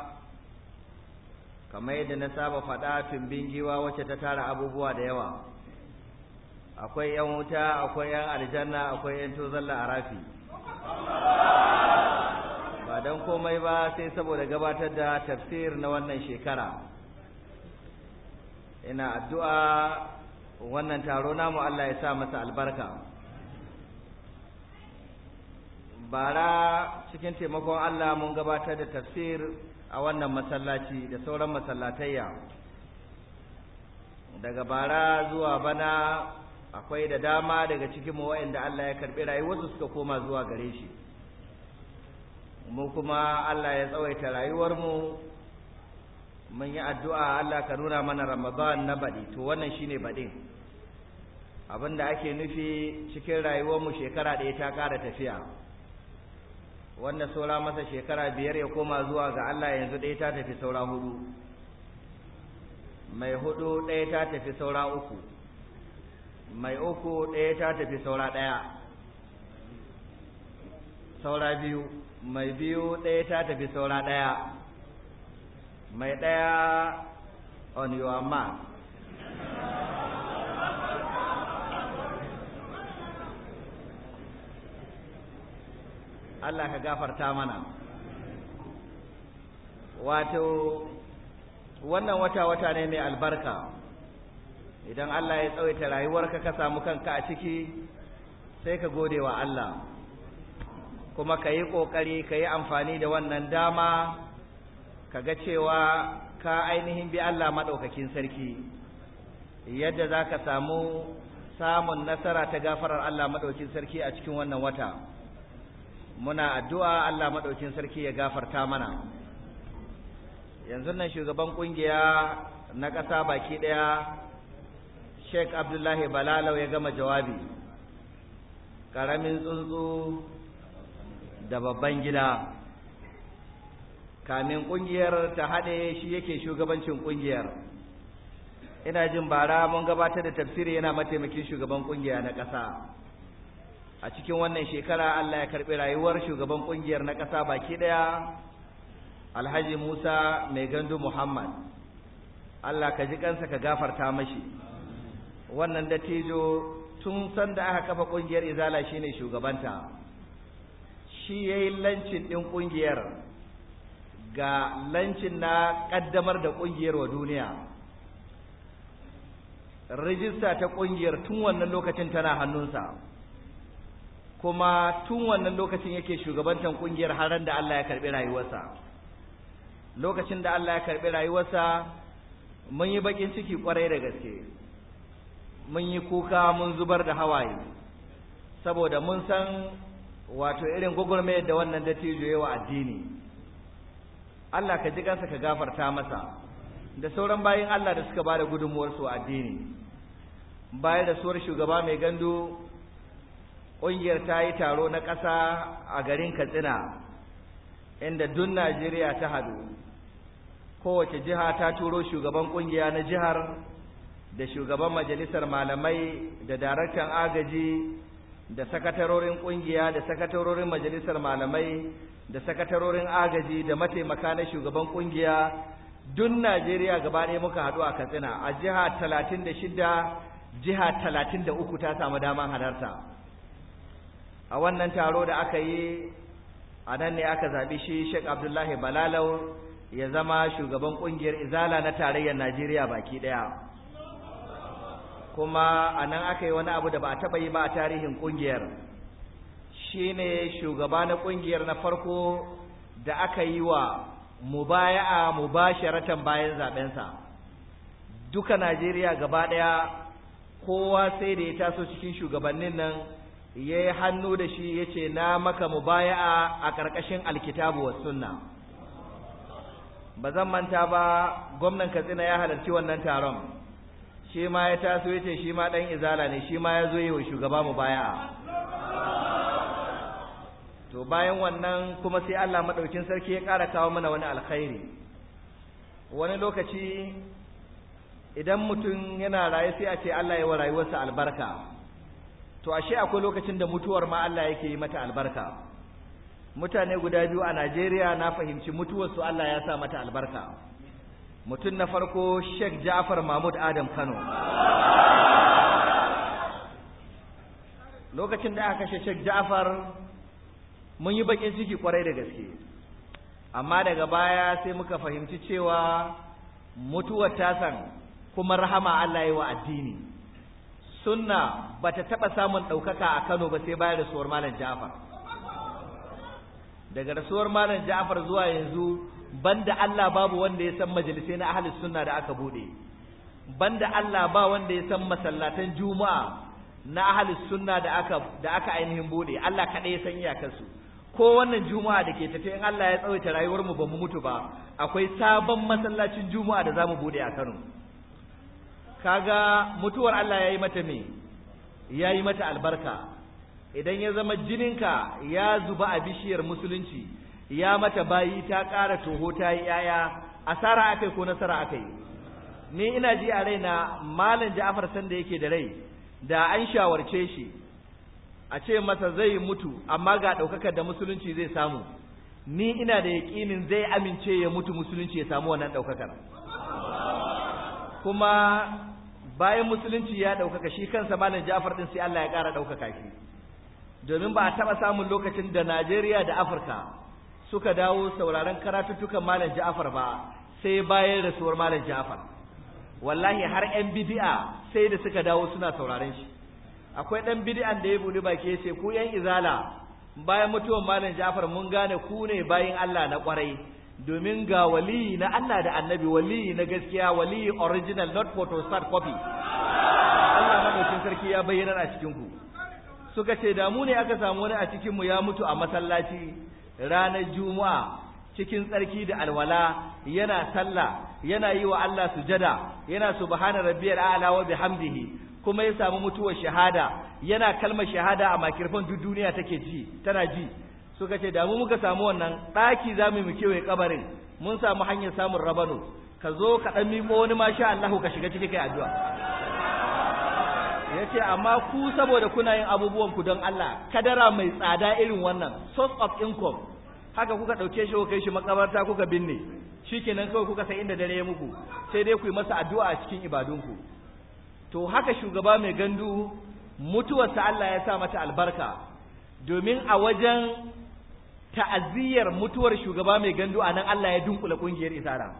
Speaker 4: kamar yadda na saba faɗa tumbin giwa wacce ta tara abubuwa da yawa akwai yan wuta akwai yan aljanna akwai yan tozalla a rafi ba don komai ba sai saboda gabatar da tafsir na wannan shekara ina addu'a wannan taro namu Allah ya sa masa albarka bara cikin taimakon Allah mun gabatar da tafsir a wannan masallaci da sauran masallatayya daga bara zuwa bana akwai da dama daga cikin mu waɗanda Allah ya karɓi rayuwarsu suka koma zuwa gare shi mu kuma Allah ya tsawaita rayuwarmu mun yi addu'a Allah ka nuna mana Ramadan na baɗi to wannan shine baɗin abinda ake nufi cikin rayuwarmu shekara ɗaya ta ƙara tafiya wanda saura masa shekara biyar ya koma zuwa ga Allah yanzu ɗaya ta tafi saura hudu mai hudu ɗaya ta tafi saura uku mai uku ɗaya ta tafi saura ɗaya saura biyu mai biyu ɗaya ta tafi saura ɗaya mai ɗaya on your mark Allah ka gafarta mana wato wannan wata wata ne mai albarka idan Allah ya tsawaita rayuwarka ka samu kanka a ciki sai ka gode wa Allah kuma ka yi ƙoƙari ka yi amfani da wannan dama ka ga cewa ka ainihin bi Allah maɗaukakin sarki yadda za ka samu samun nasara ta gafarar Allah maɗaukin sarki a cikin wannan wata muna addu'a Allah maɗaukin sarki ya gafarta mana yanzu nan shugaban ƙungiya na ƙasa baki ɗaya Sheikh abdullahi balalau ya gama jawabi ƙaramin tsuntsu da babban gida kamin ƙungiyar ta haɗe shi yake shugabancin ƙungiyar ina jin bara mun gabatar da tafsiri yana mataimakin shugaban ƙungiya na ƙasa a cikin wannan shekara Allah ya karɓi rayuwar shugaban ƙungiyar na ƙasa baki ɗaya alhaji Musa mai gandu Muhammad Allah ka ji kansa ka gafarta mashi wannan da dattijo tun sanda aka kafa ƙungiyar izala shine shugabanta shi yayi lancin ɗin ƙungiyar ga lancin na ƙaddamar da ƙungiyar wa duniya rijista ta ƙungiyar tun wannan lokacin tana hannunsa kuma tun wannan lokacin yake shugabantar kungiyar haran da Allah ya karbi rayuwarsa lokacin da Allah ya karbi rayuwarsa mun yi bakin ciki kwarai da gaske mun yi kuka mun zubar da hawaye saboda mun san wato irin gwagwarmayar da wannan dattijo wa addini Allah ka ji kansa ka gafarta masa da sauran bayan Allah da suka ba da gudunmuwarsu a addini bayan da suwar shugaba mai gandu ƙungiyar ta yi taro na ƙasa a garin katsina inda duk najeriya ta haɗu kowace jiha ta turo shugaban ƙungiya na jihar da shugaban majalisar malamai da daraktan agaji da sakatarorin ƙungiya da sakatarorin majalisar malamai da sakatarorin agaji da mataimaka na shugaban ƙungiya duk najeriya gaba ɗaya muka haɗu a katsina a jiha talatin da shida jiha talatin da uku ta samu damar halarta a wannan taro da aka yi a nan ne aka zaɓi shi Sheikh Abdullahi Balalau ya zama shugaban ƙungiyar Izala na tarayyar Najeriya baki ɗaya. Kuma a nan aka yi wani abu da ba a taɓa yi ba a tarihin ƙungiyar. Shi ne shugaba na ƙungiyar na farko da aka yi wa mu baya a mubaya'a mubasharatan bayan zaɓensa. Duka Najeriya gaba ɗaya kowa sai da ya taso cikin shugabannin nan Yayi hannu da shi ya ce na maka mubaya'a a ƙarƙashin alkitabu wa sunna ba zan manta ba gwamnan katsina ya halarci wannan taron shi ma ya taso ya shi ma ɗan izala ne shi ma ya zo yi wa shugaba mubaya'a to bayan wannan kuma sai allah maɗaukin sarki ya ƙara kawo mana wani alkhairi wani lokaci idan mutum yana raye sai a ce allah ya wa rayuwarsa albarka to ashe akwai lokacin da mutuwar ma Allah yake yi mata albarka mutane guda biyu a Najeriya na fahimci mutuwar su Allah ya sa mata albarka mutum na farko Sheikh ja'afar Mahmud Adam Kano lokacin da aka kashe Sheikh ja'afar mun yi bakin ciki kwarai da gaske amma daga baya sai muka fahimci cewa mutuwar ta san kuma rahama Allah yi wa addini sunna ba ta taɓa samun ɗaukaka a Kano ba sai bayan rasuwar Malam Ja'far. Daga rasuwar Malam Ja'far zuwa yanzu banda Allah babu wanda ya san majalisai na ahlus sunna da aka bude. Banda Allah ba wanda ya san masallatan Juma'a na ahlus sunna da aka ainihin buɗe, Allah kaɗai ya san iyakarsu. Ko wannan Juma'a da ke tafe in Allah ya tsawaita rayuwar mu ba mu mutu ba akwai sabon masallacin Juma'a da za mu buɗe a Kano. kaga mutuwar Allah yayi mata me yayi mata albarka idan ya zama jininka ya zuba a bishiyar musulunci ya mata bayi ta ƙara toho ta yi yaya asara akai ko nasara akai ni ina ji a raina malam Ja'far sanda yake da rai da an shawarce shi a ce masa zai mutu amma ga ɗaukakar da musulunci zai samu ni ina da yaƙinin zai amince ya mutu musulunci ya samu wannan ɗaukakar kuma bayan musulunci ya ɗaukaka shi kansa malam Ja'far ɗin sai Allah ya ƙara ɗaukaka shi domin ba a taɓa samun lokacin da Najeriya da Afirka suka dawo sauraron karatuttukan malam Ja'far ba sai bayan rasuwar malam Ja'far wallahi har ƴan bid'a sai da suka dawo suna sauraron shi akwai ɗan bid'an da ya buɗe baki ya ce ku ƴan izala bayan mutuwar malam Ja'far mun gane ku ne bayin Allah na ƙwarai domin ga waliyi na Allah da annabi Wali na gaskiya Wali original not photostat copy Allah madaukin sarki ya bayyana a cikin suka ce da mu ne aka samu wani a cikin mu ya mutu a masallaci ranar juma'a cikin tsarki da alwala yana sallah yana yi wa Allah sujada yana subhana rabbiyal a'la wa bihamdihi kuma ya samu mutuwar shahada yana kalmar shahada a makirfan duk duniya take ji tana ji suka ce da mu muka samu wannan ɗaki za mu kewaye kabarin mun samu hanyar samun rabano ka zo ka ɗan miƙo wani ma sha Allahu ka shiga ciki kai addu'a ya ce amma ku saboda kuna yin abubuwan ku don Allah kadara mai tsada irin wannan source of income haka kuka ɗauke shi kai shi makabarta kuka binne shikenan kawai kuka san inda dare ya muku sai dai ku yi masa addu'a a cikin ibadunku to haka shugaba mai gandu mutuwarsa Allah ya sa mata albarka domin a wajen ta'aziyar mutuwar shugaba mai gandu a nan Allah ya dunkula kungiyar isara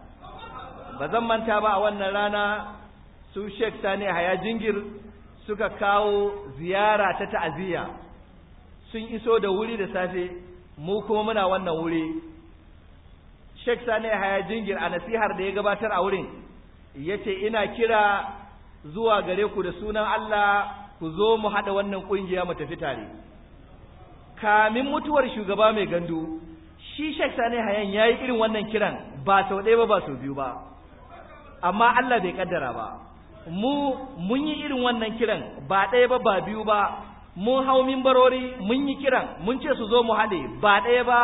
Speaker 4: ba zan manta ba a wannan rana su Sheikh Sani Haya Jingir suka kawo ziyara ta ta'aziyya sun iso da wuri da safe mu kuma muna wannan wuri Sheikh Sani Haya Jingir a nasihar da ya gabatar a wurin ya ce ina kira zuwa gare ku da sunan Allah ku zo mu haɗa wannan ƙungiya mu tafi tare kamin mutuwar shugaba mai gandu shi shek Sani Hayan yi irin wannan kiran ba sau ɗaya ba ba sau biyu ba amma Allah bai kaddara ba mu mun yi irin wannan kiran ba ɗaya ba ba biyu ba mun hau mimbarori mun yi kiran mun ce su zo mu haɗe ba ɗaya ba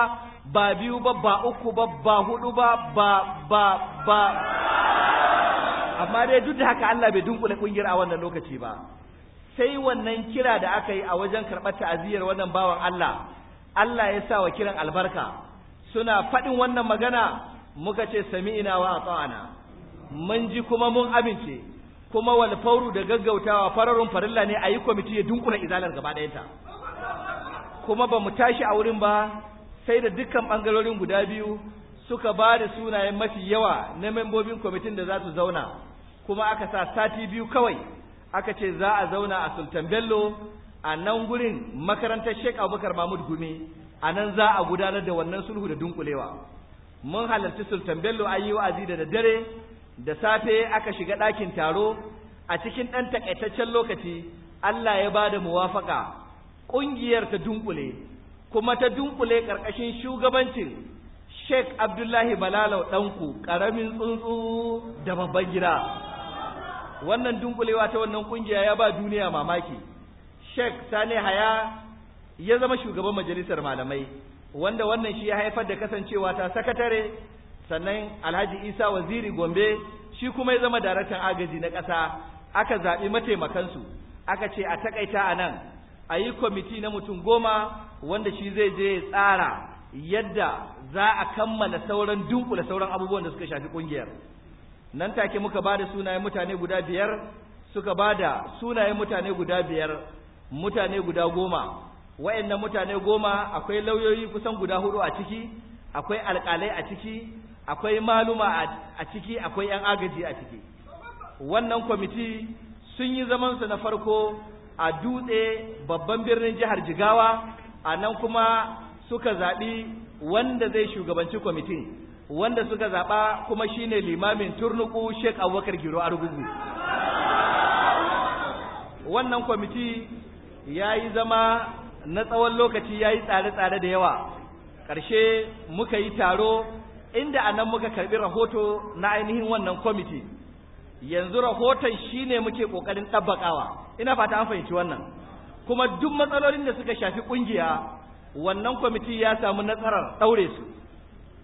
Speaker 4: ba biyu ba ba uku ba ba hudu ba ba ba ba amma dai duk da haka Allah bai dunkule kungiyar a wannan lokaci ba sai wannan kira da aka yi a wajen karɓar ta'aziyar wannan bawan Allah Allah ya sa wa kiran albarka suna faɗin wannan magana muka ce sami'ina wa ata'ana mun ji kuma mun amince kuma wal fauru da gaggautawa fararun farilla ne a yi kwamiti ya dunkula izalar gaba ɗayanta kuma ba mu tashi a wurin ba sai da dukkan ɓangarorin guda biyu suka ba da sunayen mafi yawa na membobin kwamitin da za su zauna kuma aka sa sati biyu kawai aka ce za a zauna a sultan bello a nan gurin makarantar sheik abubakar mahmud gumi a nan za a gudanar da wannan sulhu da dunkulewa mun halarci sultan bello an yi wa'azi da daddare da safe aka shiga ɗakin taro a cikin ɗan takaitaccen lokaci allah ya ba da muwafaka ƙungiyar ta dunkule kuma ta dunkule ƙarƙashin shugabancin sheik abdullahi balalau ɗanku ƙaramin tsuntsu da babban gida wannan dunkulewa ta wannan kungiya ya ba duniya mamaki Sheikh Sani Haya ya zama shugaban majalisar malamai wanda wannan shi ya haifar da kasancewa ta sakatare sannan Alhaji Isa Waziri Gombe shi kuma ya zama daraktan agaji na ƙasa aka zaɓi mataimakansu aka ce a takaita a nan a yi kwamiti na mutum goma wanda shi zai je ya tsara yadda za a kammala sauran dunkula sauran abubuwan da suka shafi ƙungiyar nan take muka ba da sunayen mutane guda biyar suka ba da sunayen mutane guda biyar mutane guda goma wa'annan mutane goma akwai lauyoyi kusan guda hudu a ciki akwai alƙalai a ciki akwai maluma a ciki akwai 'yan agaji a ciki wannan kwamiti sun yi zamansa na farko a dutse babban birnin jihar jigawa a nan kuma suka zaɓi wanda zai shugabanci kwamitin wanda suka zaɓa kuma shine limamin turnuku Sheikh Abubakar Giro Argugu, wannan
Speaker 5: kwamiti
Speaker 4: ya yi zama na tsawon lokaci ya yi tsare-tsare da yawa ƙarshe muka yi taro inda a nan muka karɓi rahoto na ainihin wannan kwamiti yanzu rahoton shine muke ƙoƙarin ɗabbaƙawa ina fata an fahimci wannan kuma duk matsalolin da suka shafi ƙungiya wannan kwamiti ya samu nasarar ɗaure su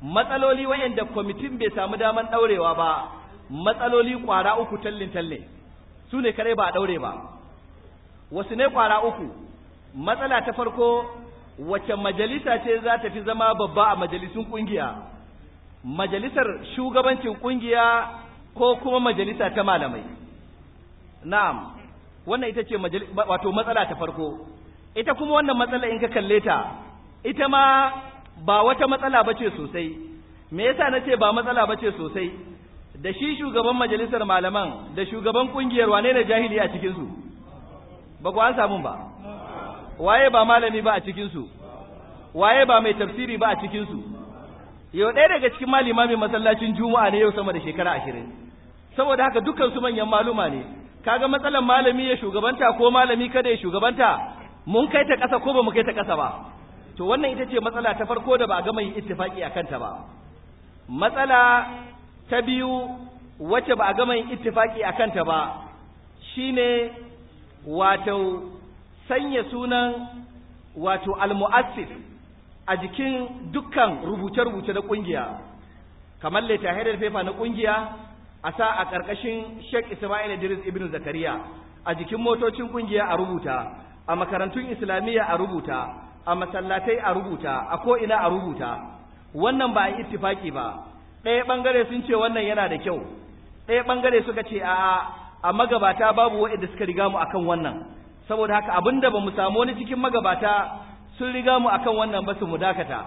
Speaker 4: matsaloli wayanda kwamitin bai samu daman daurewa ba matsaloli kwara uku tallin talle su ne kare ba a daure ba wasu ne kwara uku matsala ta farko wace majalisa ce za ta fi zama babba a majalisun kungiya majalisar shugabancin kungiya ko kuma majalisa ta malamai na'am wannan ita ce wato matsala ta farko ita kuma wannan matsala in ka kalle ta ita ma ba wata matsala bace sosai me yasa na ce ba matsala bace sosai da shi shugaban majalisar malaman da shugaban ƙungiyar wane ne jahili a cikinsu? ba ku an samu ba waye ba malami ba a cikinsu? waye ba mai tafsiri ba a cikinsu? yau ɗaya daga cikin malima mai masallacin juma'a ne yau sama da shekara ashirin saboda haka dukkan su manyan maluma ne ka ga matsalar malami ya shugabanta ko malami kada ya shugabanta mun kai ta ƙasa ko ba mu kai ta ƙasa ba to wannan ita ce matsala ta farko da ba a gama yin ittifaki a kanta ba matsala ta biyu wacce ba a gama yin ittifaki a kanta ba shine wato sanya sunan wato almu'assis a jikin dukkan rubuce-rubuce na kungiya kamar littahidar fefa na ƙungiya a sa a ƙarƙashin Sheikh Ismail Idris Ibn Zakariya a jikin motocin ƙungiya a rubuta a makarantun islamiyya a rubuta a masallatai a rubuta a ko ina a rubuta wannan ba a ittifaki ba ɗaya ɓangare sun ce wannan yana da kyau ɗaya ɓangare suka ce a a magabata babu waɗanda suka riga mu akan wannan saboda haka abinda ba mu samu wani cikin magabata sun riga mu akan wannan ba su mu dakata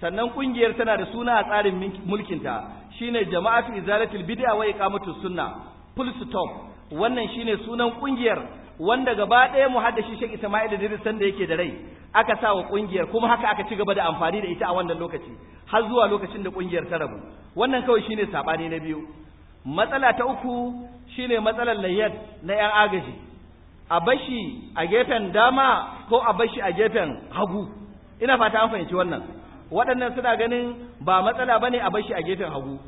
Speaker 4: sannan ƙungiyar tana da suna a tsarin mulkinta shine jama'atu izalatul bid'a wa iqamatus sunna full stop wannan shine sunan ƙungiyar. wanda gaba ɗaya mu shi Sheikh Isma'il Idris sanda yake da rai aka sa wa kungiyar kuma haka aka ci gaba da amfani da ita a wannan lokaci har zuwa lokacin da kungiyar ta rabu wannan kawai shine sabani na biyu matsala ta uku shine matsalar layyad na yan agaji a bashi a gefen dama ko a bashi a gefen hagu ina fata an fahimci wannan waɗannan suna ganin ba matsala bane a bashi a gefen hagu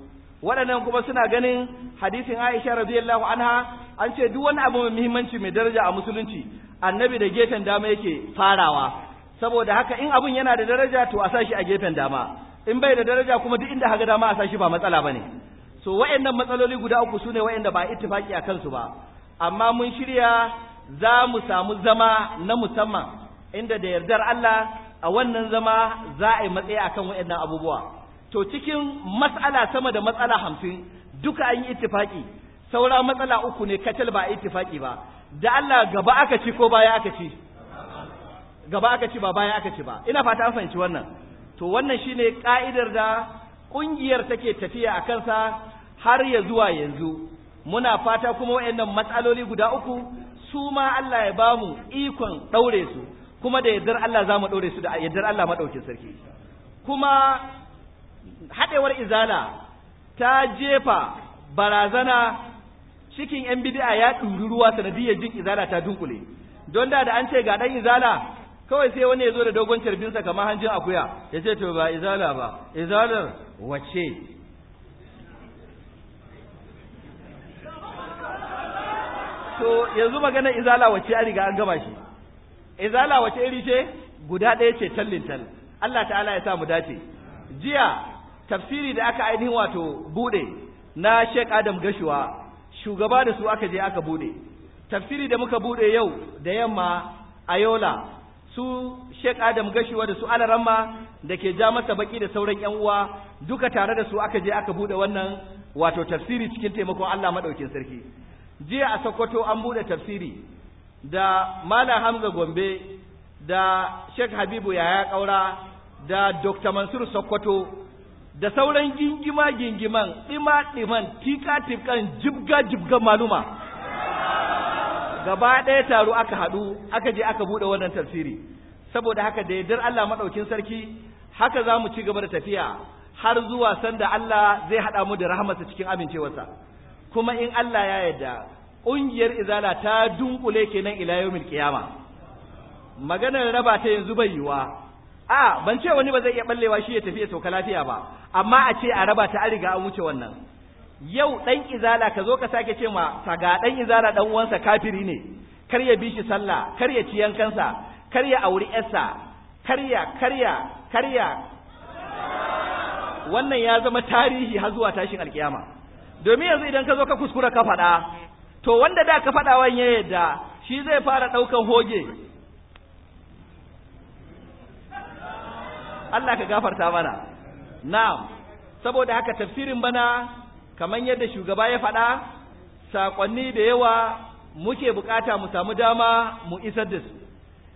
Speaker 4: waɗannan kuma suna ganin hadisin Aisha radiyallahu anha an ce duk wani abu mai muhimmanci mai daraja a musulunci annabi da gefen dama yake farawa saboda haka in abun yana da daraja to a sashi a gefen dama in bai da daraja kuma duk inda haga dama a sashi ba matsala bane so wayannan matsaloli guda uku sune wayanda ba ittifaki a kansu ba amma mun shirya za mu samu zama na musamman inda da yardar Allah a wannan zama za a yi matsayi akan wayannan abubuwa to cikin matsala sama da matsala hamsin duka an yi ittifaki saura matsala uku ne kacal ba a ba da Allah gaba aka ci ko baya aka ci gaba aka ci ba baya aka ci ba ina fata an fahimci wannan to wannan shine ka'idar da kungiyar take tafiya a kansa har ya zuwa yanzu muna fata kuma wayannan matsaloli guda uku su ma Allah ya bamu ikon daure su kuma da yardar Allah za mu daure su da yardar Allah madaukin sarki kuma haɗewar izala ta jefa barazana cikin yan bid'a ya ɗuri ruwa sanadiyar jin izala ta dunkule don da da an ce ga ɗan izala kawai sai wani ya zo da dogon carbinsa kamar hanjin akuya ya ce to ba izala ba izalar wace to yanzu magana izala wace an riga an gama shi izala wace iri ce guda ɗaya ce tallin tal Allah ta'ala ya sa mu dace jiya tafsiri da aka ainihin wato bude na Sheikh Adam Gashuwa shugaba da su aka je aka bude tafsiri da muka bude yau da yamma ayola su Sheikh Adam Gashiwa da su Alaramma da ke ja masa baki da sauran yan uwa duka tare da su aka je aka bude wannan wato tafsiri cikin taimakon Allah madaukin sarki jiya a Sokoto an bude tafsiri da Malam Hamza Gombe da Sheikh Habibu Yaya Kaura da Dr. Mansur Sokoto da sauran gingima gingiman ɗima ɗiman tika tikan jibga jibga maluma gaba ɗaya taro aka haɗu aka je aka buɗe wannan tafsiri saboda haka da yardar Allah maɗaukin sarki haka za mu ci gaba da tafiya har zuwa sanda Allah zai haɗa mu da rahamarsa cikin amincewarsa kuma in Allah ya yarda ƙungiyar izala ta dunƙule kenan ila yawmil qiyama maganar raba ta yanzu bai yiwa a ban ce wani ba zai iya ballewa shi ya tafi ya sauka lafiya ba amma a ce a raba ta an riga an wuce wannan yau dan izala ka zo ka sake ce ma saga dan izala dan uwansa kafiri ne kar ya bi shi sallah kar ya ci yankansa kar ya auri yarsa kar ya kar ya kar ya wannan ya zama tarihi har zuwa tashin alkiyama domin yanzu idan ka zo ka kuskura ka faɗa to wanda da ka faɗa wani ya yarda shi zai fara ɗaukan hoge Allah ka gafarta mana na'am saboda haka tafsirin bana kamar yadda shugaba ya faɗa saƙonni da yawa muke buƙata mu samu dama mu isar da su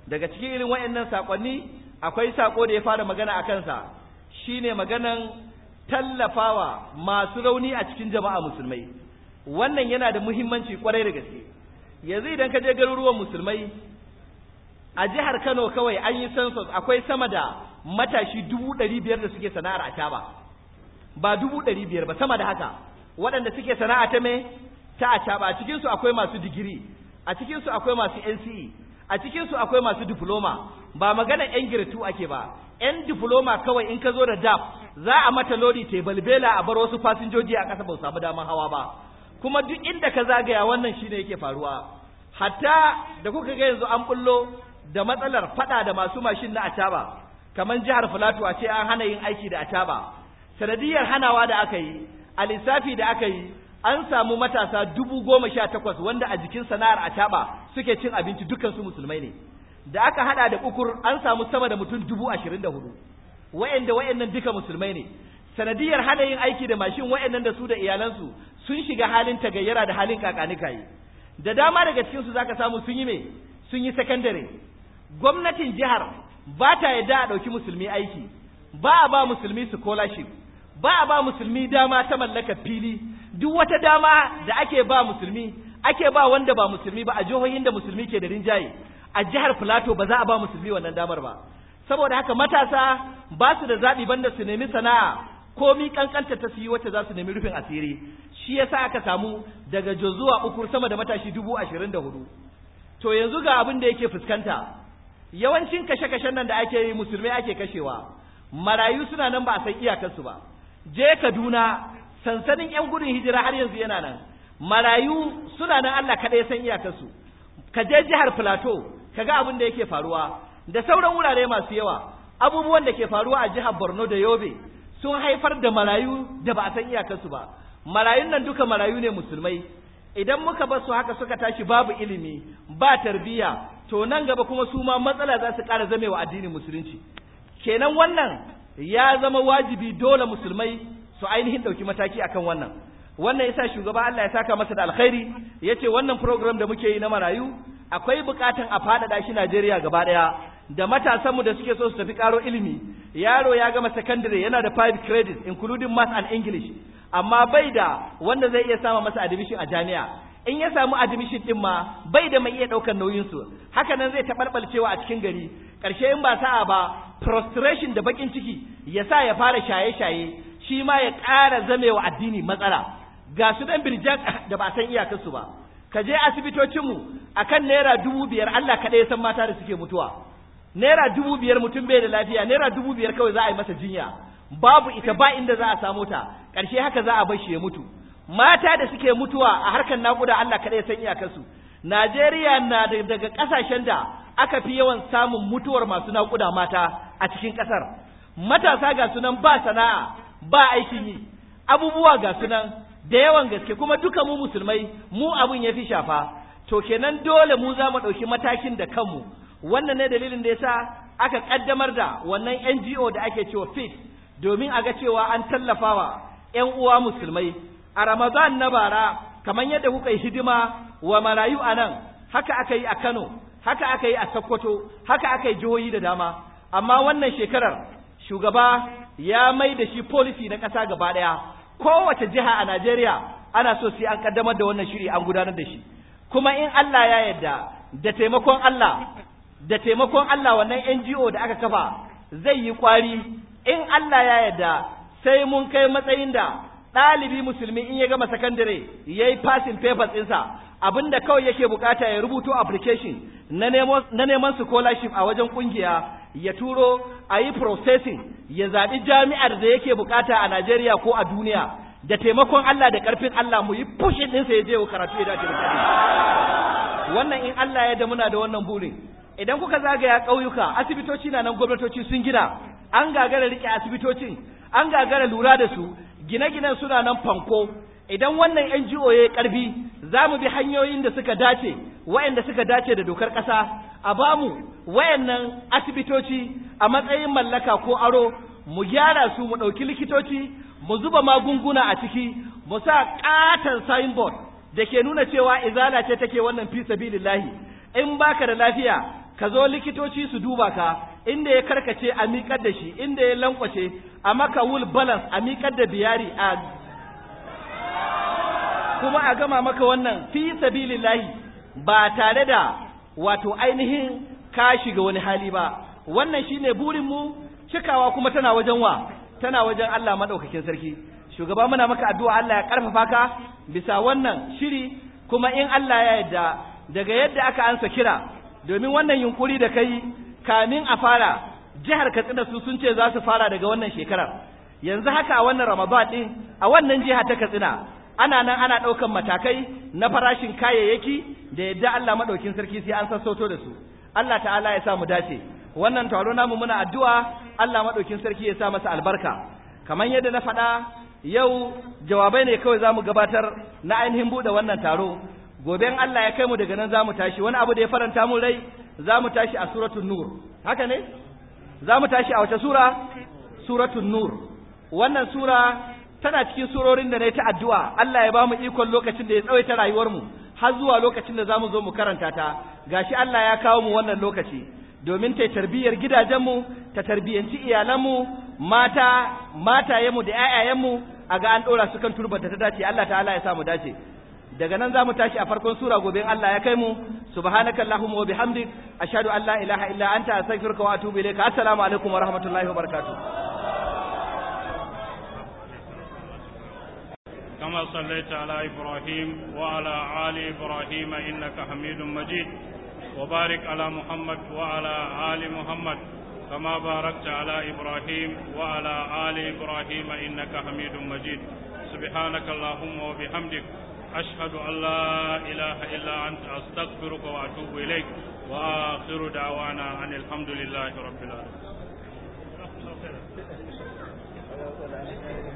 Speaker 4: daga cikin irin waɗannan saƙonni akwai sako da ya fara magana a kansa shine maganan tallafawa masu rauni a cikin jama'a musulmai wannan yana da muhimmanci kwarai da gaske yanzu idan ka je garuruwan musulmai a jihar Kano kawai an yi census akwai sama da matashi dubu ɗari biyar da suke sana'ar a caba ba dubu ɗari biyar ba sama da haka waɗanda suke sana'a ta me ta a caba a cikinsu akwai masu digiri a cikinsu akwai masu nce a cikinsu akwai masu diploma ba magana yan giritu ake ba yan diploma kawai in ka zo da dab za a mata lodi tebal bela a bar wasu fasinjoji a ƙasa ba samu damar hawa ba kuma duk inda ka zagaya wannan shine yake faruwa hatta da kuka ga yanzu an bullo da matsalar fada da masu mashin na ataba kamar jihar filato a ce an hana yin aiki da ataba sanadiyar hanawa da aka yi a lissafi da aka yi an samu matasa dubu goma sha takwas wanda a jikin sana'ar ataba suke cin abinci dukansu musulmai ne da aka hada da ukur an samu sama da mutum dubu ashirin da hudu wa'anda wa'annan duka musulmai ne sanadiyar hana yin aiki da mashin wa'annan da su da iyalansu sun shiga halin tagayyara da halin kakanika yi da dama daga cikinsu zaka samu sun yi me sun yi sakandare gwamnatin jihar ba ta yadda a ɗauki musulmi aiki ba a ba musulmi scholarship ba a ba musulmi dama ta mallaka fili duk wata dama da ake ba musulmi ake ba wanda ba musulmi ba a jihohin da musulmi ke da rinjaye a jihar Filato ba za a ba musulmi wannan damar ba saboda haka matasa ba su da zaɓi banda su nemi sana'a mi kankanta ta su yi wacce za su nemi rufin asiri shi ya sa aka samu daga jozuwa uku sama da matashi dubu ashirin da hudu to yanzu ga abin da yake fuskanta yawancin kashe-kashen nan da ake yi musulmai ake kashewa marayu suna nan ba a san iyakarsu ba je kaduna sansanin yan gudun hijira har yanzu yana nan marayu suna nan allah kaɗai san iyakarsu ka je jihar plateau ka ga abin da yake faruwa da sauran wurare masu yawa abubuwan da ke faruwa a jihar borno da yobe sun haifar da marayu da ba a san iyakarsu ba marayun nan duka marayu ne musulmai idan muka bar su haka suka tashi babu ilimi ba tarbiyya to nan gaba kuma su ma matsala za su ƙara zamewa addinin musulunci kenan wannan ya zama wajibi dole musulmai su ainihin ɗauki mataki akan wannan wannan yasa shugaba Allah ya saka masa da alkhairi yace wannan program da muke yi na marayu akwai bukatan a faɗaɗa shi Najeriya gaba ɗaya da matasanmu da suke so su tafi karo ilimi yaro ya gama secondary yana da five credits including math and english amma bai da wanda zai iya sama masa admission a jami'a in ya samu admission din ma bai da mai iya daukar nauyin su haka nan zai taɓarɓalcewa a cikin gari ƙarshe in ba sa'a ba prostration da bakin ciki ya sa ya fara shaye-shaye shi ma ya ƙara zamewa addini matsala ga su dan birjan da ba san iyakarsu ba ka je asibitocinmu kan naira dubu biyar Allah kaɗai ya san mata da suke mutuwa naira dubu biyar mutum bai da lafiya naira dubu biyar kawai za a yi masa jinya babu ita ba inda za a samo ta ƙarshe haka za a bar shi ya mutu mata da suke mutuwa a harkar naƙuda Allah kaɗai san kansu. Najeriya na daga ƙasashen da aka fi yawan samun mutuwar masu naƙuda mata a cikin ƙasar matasa ga sunan ba sana'a ba aikin yi abubuwa ga sunan da yawan gaske kuma duka mu musulmai mu abun ya fi shafa to kenan dole mu za mu ɗauki matakin da kanmu wannan ne dalilin da yasa aka ƙaddamar da wannan NGO da ake cewa FIT domin a ga cewa an tallafawa 'yan uwa musulmai a Ramadan na bara kamar yadda kuka yi hidima wa marayu a nan haka aka yi a Kano haka aka yi a Sokoto haka aka yi jihohi da dama amma wannan shekarar shugaba ya mai da shi policy na ƙasa gaba ɗaya kowace jiha a Najeriya ana so sai an kaddamar da wannan shiri an gudanar da shi kuma in Allah ya yarda da taimakon Allah da taimakon Allah wannan NGO da aka kafa zai yi kwari in Allah ya yarda sai mun kai matsayin da ɗalibi musulmi in ya gama sakandare ya yi fasin papers ɗinsa abin da kawai yake bukata ya rubuto application na neman scholarship a wajen kungiya ya turo a yi processing ya zaɓi jami'ar da yake bukata a Najeriya ko a duniya da taimakon Allah da ƙarfin Allah mu yi pushin ɗinsa ya je wa karatu ya dace da wannan in Allah ya da muna da wannan burin idan kuka zagaya ƙauyuka asibitoci na nan gwamnatoci sun gina an gagara riƙe asibitocin an gagara lura da su gine-ginen suna nan fanko idan wannan NGO ya yi ƙarfi za mu bi hanyoyin da suka dace waɗanda suka dace da dokar ƙasa a ba mu asibitoci a matsayin mallaka ko aro mu gyara su mu ɗauki likitoci mu zuba magunguna a ciki mu sa ƙaton signboard da ke nuna cewa izala ce take wannan fi sabilillahi in baka da lafiya ka zo likitoci su duba ka inda ya karkace a miƙar da shi inda ya lankwace a maka wul balance a miƙar da biyari a kuma a gama maka wannan fi sabilillahi ba tare da wato ainihin ka shiga wani hali ba wannan shine burin mu cikawa kuma tana wajen wa tana wajen Allah madaukakin sarki shugaba muna maka addu'a Allah ya karfafa ka bisa wannan shiri kuma in Allah ya yarda daga yadda aka ansa kira domin wannan yunkuri da kai kamin a fara jihar katsina su sun ce za su fara daga wannan shekarar yanzu haka a wannan ramadan din a wannan jiha ta katsina ana nan ana ɗaukan matakai na farashin kayayyaki da yadda allah maɗaukin sarki sai an sassauto da su allah ta'ala ya sa mu dace wannan taro namu muna addu'a allah maɗaukin sarki ya sa masa albarka kamar yadda na faɗa yau jawabai ne kawai za mu gabatar na ainihin buɗe wannan taro goben allah ya kai mu daga nan za mu tashi wani abu da ya faranta mu rai za mu tashi a suratul nur haka ne za mu tashi a wace sura suratul nur wannan sura tana cikin surorin da na ta addu'a Allah ya ba mu ikon lokacin da ya tsawaita mu har zuwa lokacin da za mu zo mu karanta ta gashi Allah ya kawo mu wannan lokaci domin ta tarbiyyar gidajenmu ta tarbiyyanci iyalanmu mata matayenmu da 'ya'yayenmu a ga an ɗora su kan turbar da ta dace Allah ta'ala ya mu dace daga nan za mu tashi a farkon sura gobe Allah ya kai mu subhanaka allahumma wa bihamdik ashhadu an la ilaha illa anta astaghfiruka wa atubu ilayka assalamu alaikum wa rahmatullahi wa barakatuh
Speaker 1: كما صليت على إبراهيم وعلى آل إبراهيم إنك حميد مجيد وبارك على محمد وعلى آل محمد كما باركت على إبراهيم وعلى آل إبراهيم إنك حميد مجيد سبحانك اللهم وبحمدك أشهد أن لا إله إلا أنت أستغفرك وأتوب إليك وآخر دعوانا أن الحمد لله رب
Speaker 5: العالمين